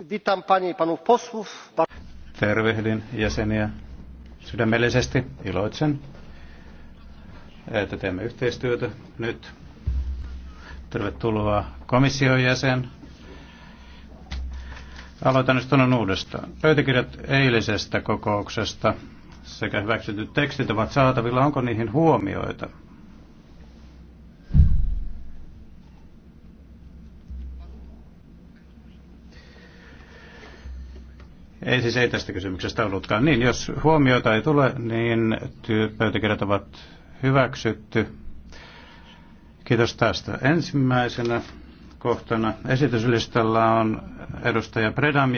Witam panie i panów posłów. Tervehdin jäseniä sydämellisesti. Iloitsen, että teemme yhteistyötä nyt. Tervetuloa komission jäsen. Aloitan nyt tuonne uudestaan. Pöytäkirjat eilisestä kokouksesta sekä hyväksytyt tekstit ovat saatavilla. Onko niihin huomioita? Ei siis ei tästä kysymyksestä ollutkaan. Niin, jos huomiota ei tule, niin pöytäkirjat ovat hyväksytty. Kiitos tästä. Ensimmäisenä kohtana esityslistalla on edustaja Predam